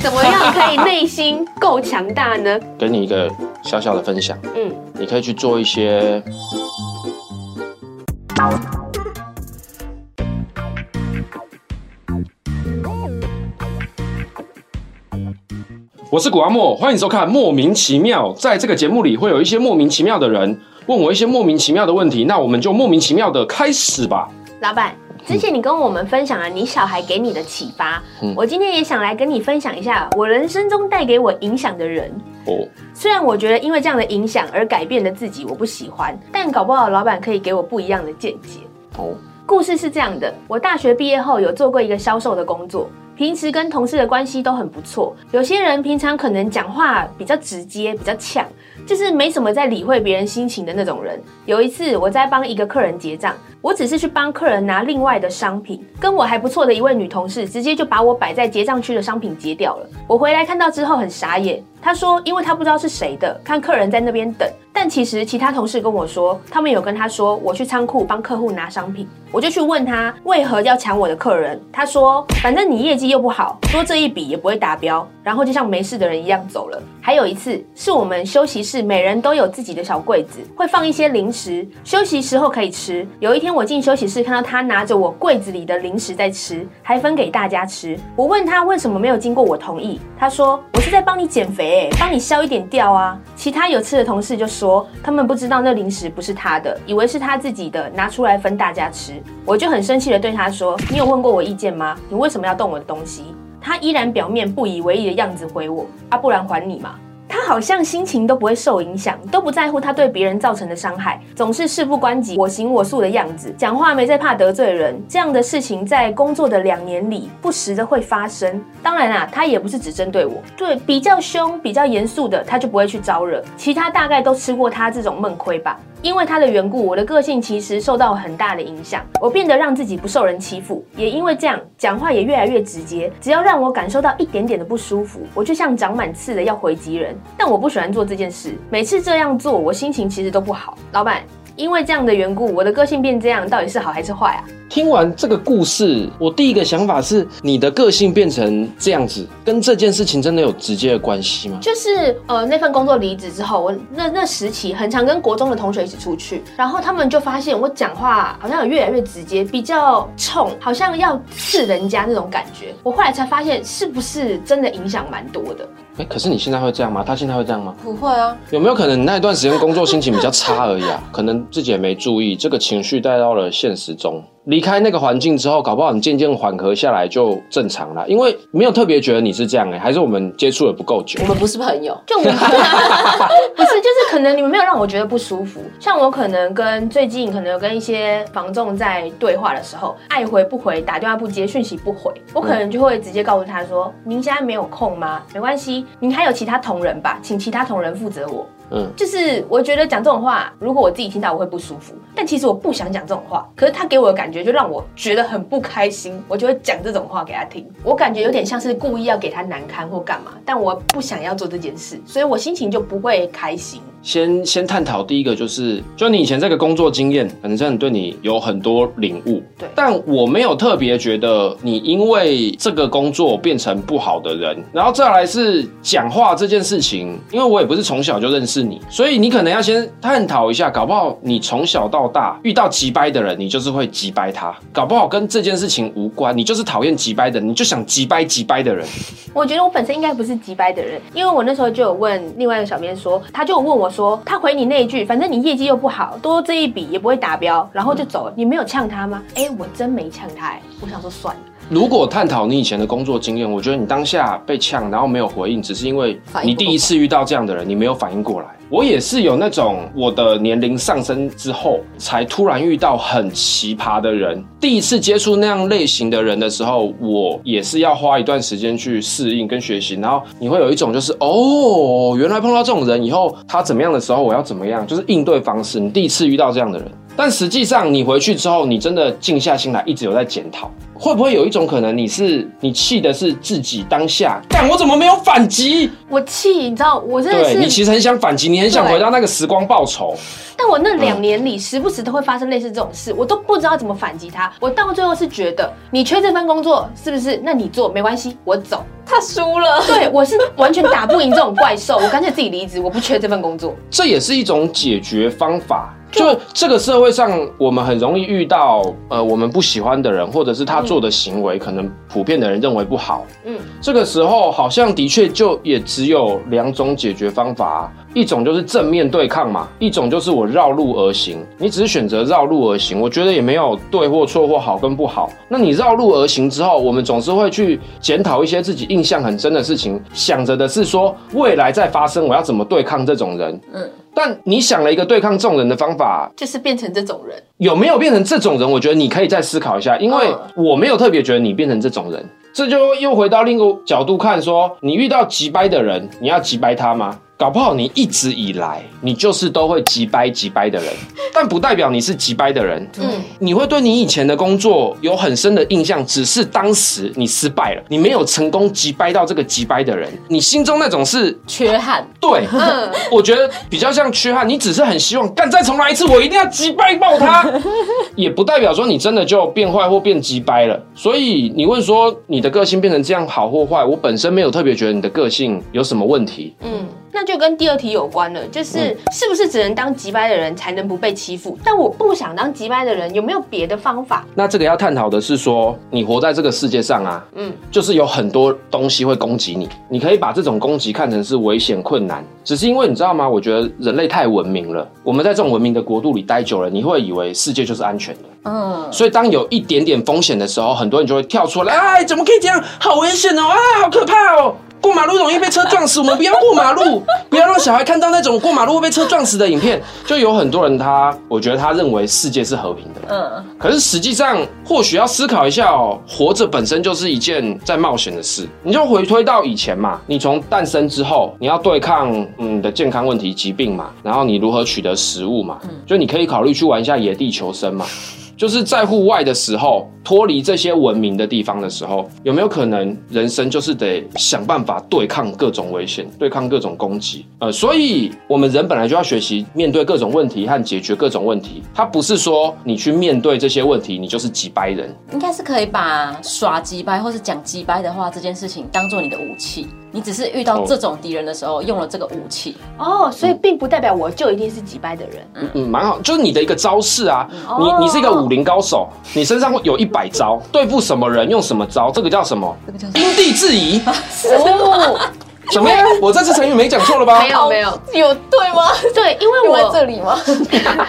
怎麼樣可以內心夠強大呢？ 給你一個小小的分享。嗯，你可以去做一些。我是谷阿莫，歡迎收看《莫名其妙》。在這個節目裡，會有一些莫名其妙的人問我一些莫名其妙的問題，那我們就莫名其妙的開始吧。老闆。之前你跟我們分享了你小孩給你的啟發，嗯，我今天也想來跟你分享一下我人生中帶給我影響的人。哦，雖然我覺得因為這樣的影響而改變的自己我不喜歡，但搞不好老板可以給我不一樣的見解。哦，故事是這樣的，我大學畢業後有做過一個銷售的工作，平時跟同事的關係都很不錯。有些人平常可能講話比較直接，比較嗆。就是沒什麼在理會別人心情的那種人。有一次我在幫一個客人結賬，我只是去幫客人拿另外的商品，跟我還不錯的一位女同事直接就把我擺在結賬區的商品結掉了。我回來看到之後很傻眼。她說，因為她不知道是誰的，看客人在那邊等，但其實其他同事跟我說，他們有跟她說我去倉庫幫客戶拿商品。我就去問她為何要搶我的客人，她說反正你業績又不好，多這一筆也不會達標，然後就像沒事的人一樣走了。還有一次是我們休息室，每人都有自己的小櫃子，會放一些零食，休息時候可以吃。有一天我進休息室，看到他拿着我櫃子裡的零食在吃，還分給大家吃。我問他為什麼沒有經過我同意，他說我是在幫你減肥，欸，幫你消一點掉啊。其他有吃的同事就說他們不知道那零食不是他的，以為是他自己的，拿出來分大家吃。我就很生氣的對他說：“你有問過我意見嗎？你為什麼要動我的東西？”他依然表面不以為意的樣子回我，他、啊、不然還你嘛？好像心情都不會受影響，都不在乎他對別人造成的傷害，總是事不關己、我行我素的樣子，講話沒在怕得罪人。這樣的事情在工作的兩年裡不時的會發生。當然啦、啊，他也不是只針對我，對比較兇、比較嚴肅的他就不會去招惹，其他大概都吃過他這種悶虧吧。因為他的緣故，我的個性其實受到很大的影響，我變得讓自己不受人欺負，也因為這樣，講話也越來越直接。只要讓我感受到一點點的不舒服，我就像長滿刺的要回擊人。但我不喜歡做這件事，每次這樣做，我心情其實都不好。老板。因為這樣的緣故，我的個性變這樣，到底是好還是壞啊？聽完這個故事，我第一個想法是，你的個性變成這樣子，跟這件事情真的有直接的關係嗎？就是呃，那份工作離職之後，我那那時期很常跟國中的同學一起出去，然後他們就發現我講話好像有越來越直接，比較衝，好像要刺人家那種感覺。我後來才發現，是不是真的影響蠻多的。欸，可是你現在會這樣嗎？他現在會這樣嗎？不會啊。有沒有可能那一段時間工作心情比較差而已啊？ 可能。自己也沒注意，這個情緒帶到了現實中。離開那個環境之後，搞不好你漸漸緩和下來就正常了，因為沒有特別覺得你是這樣哎、欸，還是我們接觸的不夠久？我們不是朋友，就 不 是，就是可能你們沒有讓我覺得不舒服。像我可能跟最近可能有跟一些房眾在對話的時候，愛回不回，打電話不接，訊息不回，我可能就會直接告訴他說、嗯：“您現在沒有空嗎？沒關係，您還有其他同仁吧，請其他同仁負責我。”嗯，就是我覺得講這種話，如果我自己聽到我會不舒服，但其實我不想講這種話，可是他給我的感。感覺就讓我覺得很不開心，我就會講這種話給他聽。我感覺有點像是故意要給他難堪或幹嘛，但我不想要做這件事，所以我心情就不會開心。先先探討第一個，就是就你以前這個工作經驗，本身對你有很多領悟。對，但我沒有特別覺得你因為這個工作變成不好的人。然後再來是講話這件事情，因為我也不是從小就認識你，所以你可能要先探討一下，搞不好你從小到大遇到機掰的人，你就是會機掰他，搞不好跟這件事情無關，你就是討厭機掰的人，你就想機掰機掰的人。我覺得我本身應該不是機掰的人，因為我那時候就有問另外一個小編說，他就有問我。說他回你那一句，反正你業績又不好，多這一筆也不會達標，然後就走了。嗯。你沒有嗆他嗎？哎、欸，我真沒嗆他、欸。我想說算了。如果探討你以前的工作經驗，我覺得你當下被嗆然後沒有回應，只是因為你第一次遇到這樣的人，你沒有反應過來。我也是有那種，我的年齡上升之後，才突然遇到很奇葩的人。第一次接觸那樣類型的人的時候，我也是要花一段時間去適應跟學習。然後你會有一種就是，哦，原來碰到這種人以後，他怎麼樣的時候，我要怎麼樣，就是應對方式。你第一次遇到這樣的人。但實際上，你回去之後，你真的靜下心來，一直有在檢討，會不會有一種可能，你是你氣的是自己當下，但我怎麼沒有反擊？我氣，你知道，我真的是。對，你其實很想反擊，你很想回到那個時光報仇。但我那兩年裡，時不時都會發生類似這種事，我都不知道怎麼反擊他。我到最後是覺得，你缺這份工作，是不是？那你做沒關係，我走。他輸了。對，我是完全打不贏這種怪獸， 我乾脆自己離職，我不缺這份工作。這也是一種解決方法。就，就這個社會上，我們很容易遇到呃，我們不喜歡的人，或者是他做的行為，嗯，可能普遍的人認為不好。嗯，這個時候好像的確就也只有兩種解決方法，一種就是正面對抗嘛，一種就是我繞路而行。你只是選擇繞路而行，我覺得也沒有對或錯或好跟不好。那你繞路而行之後，我們總是會去檢討一些自己印象很深的事情，想着的是說未來再發生，我要怎麼對抗這種人？嗯。但你想了一個對抗這種人的方法，就是變成這種人。有沒有變成這種人？我覺得你可以再思考一下，因為我沒有特別覺得你變成這種人。這就又回到另一個角度看說，說你遇到機掰的人，你要機掰他嗎？搞不好你一直以來，你就是都會機掰機掰的人，但不代表你是機掰的人。嗯，你會對你以前的工作有很深的印象，只是當時你失敗了，你沒有成功機掰到這個機掰的人，你心中那種是缺憾。對、嗯，我覺得比較像缺憾。你只是很希望干再重來一次，我一定要機掰爆他。也不代表說你真的就變壞或變機掰了。所以你問說你的個性變成這樣好或壞，我本身沒有特別覺得你的個性有什麼問題。嗯。那就跟第二題有關了，就是、嗯、是不是只能當機掰的人才能不被欺負？但我不想當機掰的人，有沒有別的方法？那這個要探討的是說，你活在這個世界上啊，嗯，就是有很多東西會攻擊你，你可以把這種攻擊看成是危險、困難，只是因為你知道嗎？我覺得人類太文明了，我們在這種文明的國度裡待久了，你會以為世界就是安全的，嗯，所以當有一點點風險的時候，很多人就會跳出來，哎，怎麼可以這樣？好危險哦，啊、哎，好可怕哦。過馬路容易被車撞死，我們不要過馬路，不要讓小孩看到那種過馬路會被車撞死的影片。就有很多人他，他我覺得他認為世界是和平的，嗯，可是實際上或許要思考一下哦，活着本身就是一件在冒險的事。你就回推到以前嘛，你從誕生之後，你要對抗嗯的健康問題、疾病嘛，然後你如何取得食物嘛，嗯，就你可以考慮去玩一下野地求生嘛。就是在戶外的時候，脫離這些文明的地方的時候，有沒有可能人生就是得想辦法對抗各種危險，對抗各種攻擊？呃，所以我們人本來就要學習面對各種問題和解決各種問題。它不是說你去面對這些問題，你就是機掰人。應該是可以把耍機掰或者講機掰的話這件事情當做你的武器。你只是遇到這種敵人的時候、oh. 用了這個武器哦，oh, 所以並不代表我就一定是機掰的人。嗯嗯，蠻、嗯、好，就是你的一個招式啊。嗯、你你是一個武林高手，oh. 你身上會有一百招，對付什麼人 用什麼招，這個叫什麼？這個叫因地制宜。哦、 啊。是 什麼呀？我這次成語沒講錯了吧？沒有沒有，哦、有對嗎？對，因為我在這裡嗎？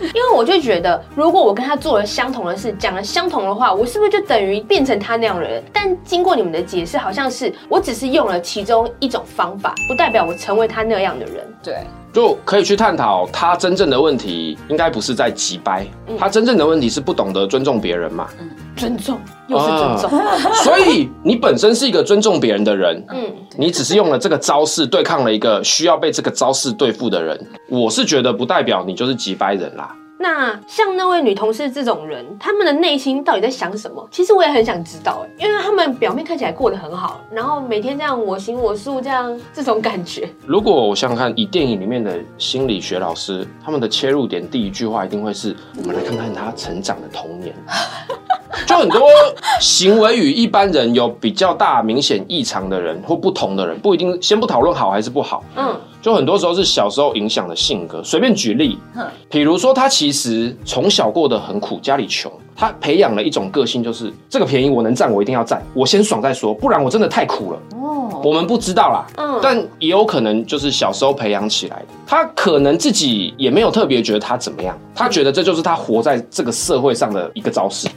因為我就覺得，如果我跟他做了相同的事，講了相同的話，我是不是就等於變成他那樣的人？但經過你們的解釋，好像是我只是用了其中一種方法，不代表我成為他那樣的人。對，就可以去探討他真正的問題，應該不是在機掰，他真正的問題是不懂得尊重別人嘛。嗯嗯尊重，又是尊重。嗯，所以你本身是一個尊重別人的人。嗯， 你只是用了這個招式對抗了一個需要被這個招式對付的人。我是覺得不代表你就是機掰人啦。那像那位女同事這種人，他們的內心到底在想什麼？其實我也很想知道，欸，因為他們表面看起來過得很好，然後每天這樣我行我素，這樣這種感覺。如果我想想看，以電影裡面的心理學老師，他們的切入點第一句話一定會是：我們來看看他成長的童年。 就很多行為與一般人有比較大明顯異常的人或不同的人，不一定，先不討論好還是不好。嗯，就很多時候是小時候影響的性格。隨便舉例，嗯，比如說他其實從小過得很苦，家裡窮，他培養了一種個性，就是這個便宜我能占我一定要占，我先爽再說，不然我真的太苦了。哦，我們不知道啦。嗯，但也有可能就是小時候培養起來的，他可能自己也沒有特別覺得他怎麼樣，他覺得這就是他活在這個社會上的一個招式。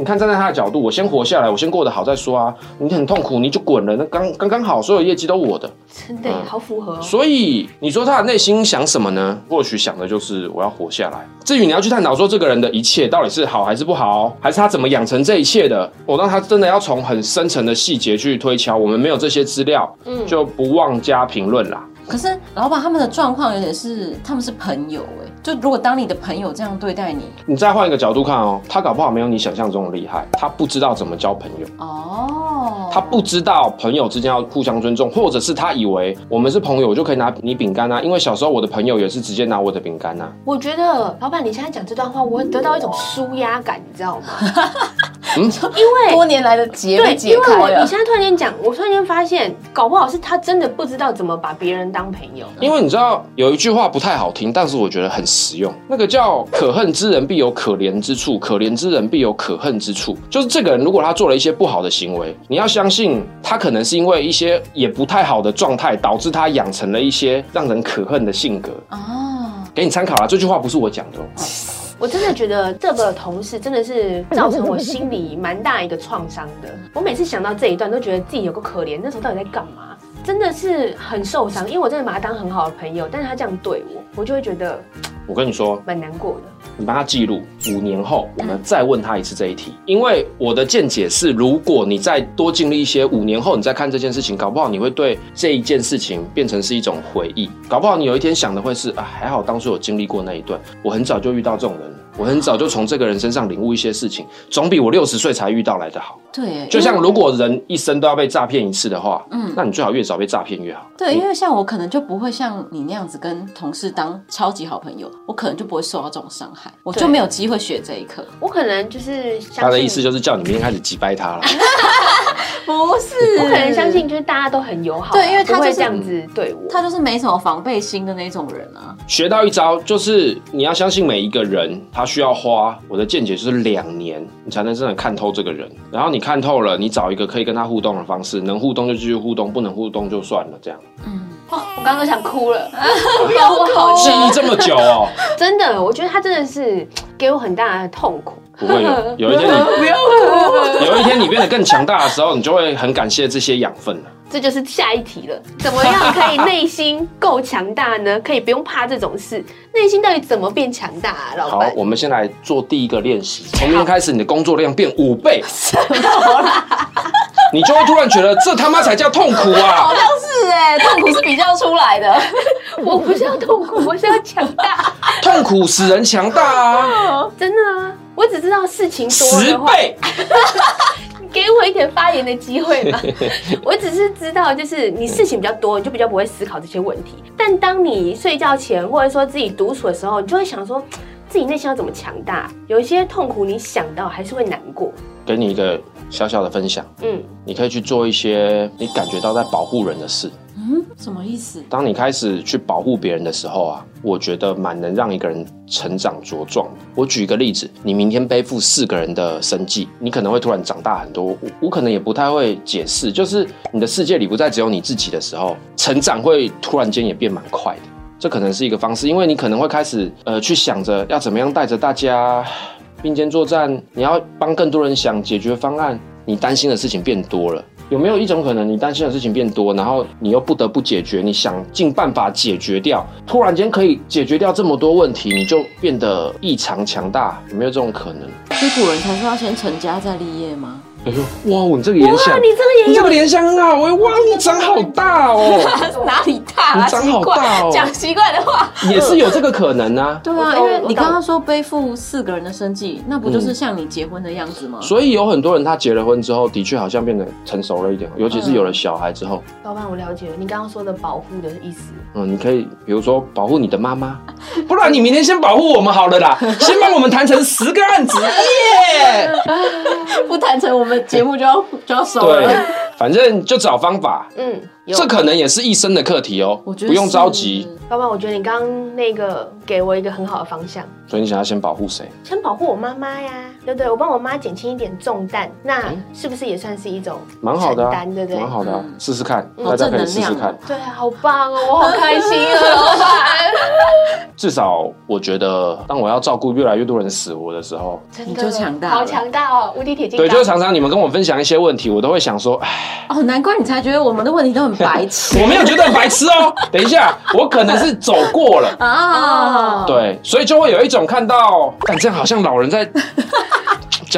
你看，站在他的角度，我先活下來，我先過得好再說啊！你很痛苦，你就滾了，那剛剛剛好，所有業績都我的，真的、嗯、好符合哦。所以你說他的內心想什麼呢？或許想的就是我要活下來。至於你要去探討說這個人的一切到底是好還是不好，還是他怎麼養成這一切的，我讓他真的要從很深層的細節去推敲。我們沒有這些資料，嗯，就不妄加評論啦。可是老闆他們的狀況有點是他們是朋友哎、欸，就如果當你的朋友這樣對待你，你再換一個角度看哦、喔，他搞不好沒有你想象中的厲害，他不知道怎麼交朋友哦，Oh. 他不知道朋友之間要互相尊重，或者是他以為我們是朋友就可以拿你餅乾啊，因為小時候我的朋友也是直接拿我的餅乾啊。我覺得老闆你現在講這段話，我會得到一種舒壓感，你知道嗎？ 嗯，因為多年來的結被結。對，因為我你現在突然間講，我突然間發現，搞不好是他真的不知道怎麼把別人當朋友。嗯。因為你知道有一句話不太好聽，但是我覺得很實用，那個叫“可恨之人必有可憐之處，可憐之人必有可恨之處”。就是這個人如果他做了一些不好的行為，你要相信他可能是因為一些也不太好的狀態，導致他養成了一些讓人可恨的性格。哦，給你參考啦。這句話不是我講的。哦我真的覺得這個同事真的是造成我心裡蠻大一個創傷的。我每次想到這一段，都覺得自己有夠可憐。那時候到底在幹嘛？真的是很受傷，因為我真的把他當很好的朋友，但是他這樣對我，我就會覺得。我跟你說，蠻難過的。你把他記錄，五年後，我們再問他一次這一題。因為我的見解是，如果你再多經歷一些，五年後你再看這件事情，搞不好你會對這一件事情變成是一種回憶。搞不好你有一天想的會是啊，還好當初有經歷過那一段。我很早就遇到這種人。我很早就從這個人身上領悟一些事情，總比我六十歲才遇到來得好。對，就像如果人一生都要被詐騙一次的話，嗯，那你最好越早被詐騙越好。對，因為像我可能就不會像你那樣子跟同事當超級好朋友，我可能就不會受到這種傷害，我就沒有機會學這一課。我可能就是他的意思，就是叫你明天開始機掰他了。 不是，我可能相信就是大家都很友好，啊，對，因為他，就是，會這樣子對我，他就是沒什麼防備心的那種人啊。學到一招就是你要相信每一個人，他需要花，我的見解就是兩年，你才能真的看透這個人。然後你看透了，你找一個可以跟他互動的方式，能互動就繼續互動，不能互動就算了，這樣。嗯，哦，我剛剛都想哭了，老 哭， 記憶這麼久哦，真的，我覺得他真的是給我很大的痛苦。不會有，有一天你不要哭。 有一天你變得更強大的時候，你就會很感謝這些養分了。這就是下一題了，怎麼樣可以內心夠強大呢？可以不用怕這種事，內心到底怎麼變強大，啊老？好，我們先來做第一個練習，從明天開始你的工作量變五倍， 你就會突然覺得這他媽才叫痛苦啊！ 好像是哎，欸，痛苦是比較出來的。我不是要痛苦，我是要強大。痛苦使人強大啊，好好真的。啊。我只知道事情多的話，十倍， 你給我一點發言的機會吧。 我只是知道，就是你事情比較多，你就比較不會思考這些問題。但當你睡覺前，或者說自己獨處的時候，你就會想說，自己內心要怎麼強大？有一些痛苦，你想到還是會難過。給你一個小小的分享，嗯，你可以去做一些你感覺到在保護人的事。嗯，什麼意思？當你開始去保護別人的時候啊，我覺得蠻能讓一個人成長茁壯。我舉一個例子，你明天背負四個人的生計，你可能會突然長大很多。我我可能也不太會解釋，就是你的世界裡不再只有你自己的時候，成長會突然間也變蠻快的。這可能是一個方式，因為你可能會開始呃去想着要怎麼樣帶着大家並肩作戰，你要幫更多人想解決方案，你擔心的事情變多了。有沒有一種可能，你擔心的事情變多，然後你又不得不解決，你想盡辦法解決掉，突然間可以解決掉這麼多問題，你就變得異常強大？有沒有這種可能？所以古人才說要先成家再立業嗎？哎呦，哇，你這個顏色，你這個聯想很好哎，哇，你長好大哦、喔，哪裡大、啊？你長好大哦、喔，講奇怪的話、嗯，也是有這個可能啊。對啊，因為你剛剛說背負四個人的生計、嗯，那不就是像你結婚的樣子嗎？所以有很多人他結了婚之後，的確好像變得成，成，成熟了一點，尤其是有了小孩之後。老、嗯、板，我了解了你剛剛說的保護的意思。嗯，你可以比如說保護你的媽媽，不然你明天先保護我們好了啦， 先幫我們談成十個案子，耶、 yeah！不談成我們。節目就要、欸、就要熟了，對，反正就找方法。 嗯。有這可能也是一生的課題哦，我覺得，不用着急。爸爸，我覺得你剛剛那個給我一個很好的方向。所以你想要先保護誰？先保護我媽媽呀，對不對？我幫我媽減輕一點重擔，那是不是也算是一種蠻好的，對對？蠻好的，啊蠻好的啊，試試看，嗯，大家可以試試看。哦，對，好棒哦，我好開心啊，哦，老闆。至少我覺得，當我要照顧越來越多人死活的時候，真的你就強大好強大哦，無敵鐵金剛。對，就是常常你們跟我分享一些問題，我都會想說，哎，哦，難怪你才覺得我們的問題都很。白痴， 我沒有覺得很白痴哦。等一下，我可能是走過了啊。 對，所以就會有一種看到，反正好像老人在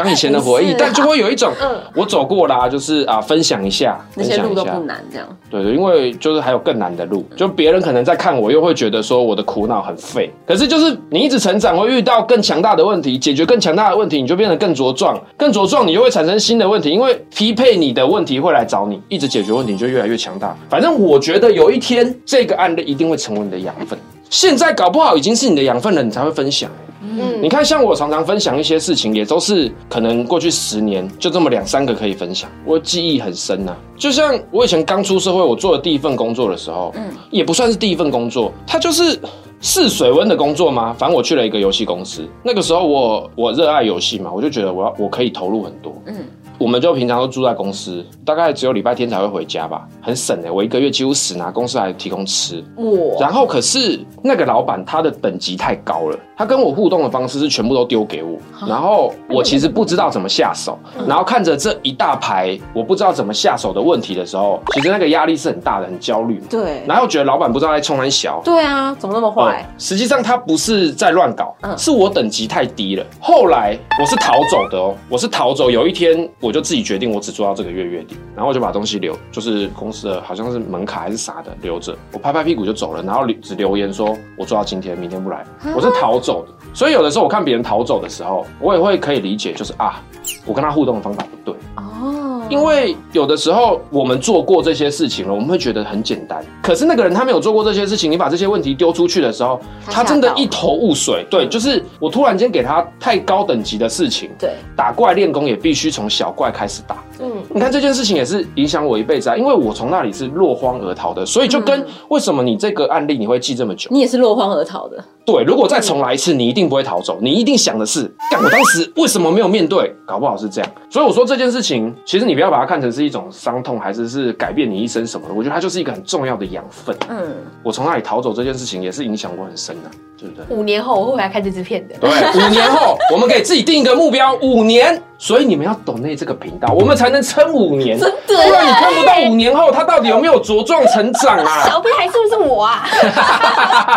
講以前的回憶，哎啊、但就會有一種、嗯，我走過啦，就是啊，分享一下，那些路都不難，這樣。對，對，因為就是還有更難的路，就別人可能在看我，又會覺得說我的苦惱很廢。可是就是你一直成長，會遇到更強大的問題，解決更強大的問題，你就變得更茁壯，更茁壯，你又會產生新的問題，因為匹配你的問題會來找你，一直解決問題你就越來越強大。反正我覺得有一天這個案例一定會成為你的養分，現在搞不好已經是你的養分了，你才會分享。嗯，你看，像我常常分享一些事情，也都是可能過去十年就這麼兩三個可以分享。我記憶很深吶、啊，就像我以前剛出社會，我做的第一份工作的時候，嗯，也不算是第一份工作，它就是試水溫的工作嗎。反正我去了一個遊戲公司，那個時候我我熱愛遊戲嘛，我就覺得我我可以投入很多，嗯，我們就平常都住在公司，大概只有禮拜天才會回家吧，很省哎、欸，我一個月幾乎死拿公司來提供吃。哇，然後可是那個老闆他的等級太高了。他跟我互動的方式是全部都丟給我，然後我其實不知道怎麼下手、嗯，然後看着這一大排我不知道怎麼下手的問題的時候，嗯、其實那個壓力是很大的，很焦慮。對，然後覺得老闆不知道在衝三小。對啊，怎麼那麼壞、嗯？實際上他不是在亂搞，嗯、是我等級太低了、嗯。後來我是逃走的哦，我是逃走。有一天我就自己決定，我只做到這個月月底，然後我就把東西留，就是公司的好像是門卡還是啥的留着，我拍拍屁股就走了，然後只留言說我做到今天，明天不來。啊、我是逃走。所以有的時候我看別人逃走的時候，我也會可以理解，就是啊，我跟他互動的方法不對哦。因為有的時候我們做過這些事情了，我們會覺得很簡單。可是那個人他沒有做過這些事情，你把這些問題丟出去的時候，他真的一頭霧水。對，就是我突然間給他太高等級的事情，對，打怪練功也必須從小怪開始打。嗯，你看這件事情也是影響我一輩子啊，因為我從那裡是落荒而逃的，所以就跟為什麼你這個案例你會記這麼久，你也是落荒而逃的。對，如果再重來一次，你一定不會逃走。你一定想的是，幹、嗯、我當時為什麼沒有面對？搞不好是這樣。所以我說這件事情，其實你不要把它看成是一種傷痛，還是是改變你一生什麼的。我覺得它就是一個很重要的養分。嗯，我從那裡逃走這件事情也是影響我很深的、啊，對不對？五年後我會回來看這支片的。對，五年後 我們可以自己定一個目標，五年。所以你們要 donate 這個頻道，我們才能撐五年。真的，不然你看不到五年後他到底有沒有茁壯成長啊？ 小屁孩還是不是我啊？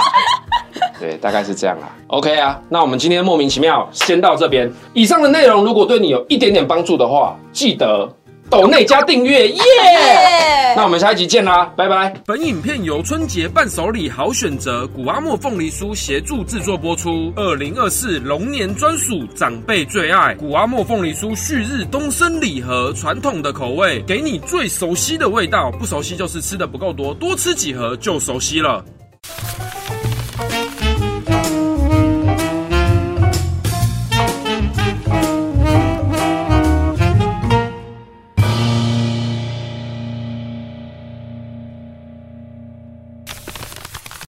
對，大概是這樣啦。OK 啊，那我們今天莫名其妙先到這邊。以上的內容如果對你有一點點幫助的話，記得抖內加訂閱耶。Yeah! Yeah! 那我們下一集見啦，拜拜。本影片由春節伴手禮好選擇谷阿莫鳳梨酥協助製作播出。二零二四龍年專屬長輩最愛谷阿莫鳳梨酥旭日東升禮盒，傳統的口味，給你最熟悉的味道。不熟悉就是吃的不夠多，多吃幾盒就熟悉了。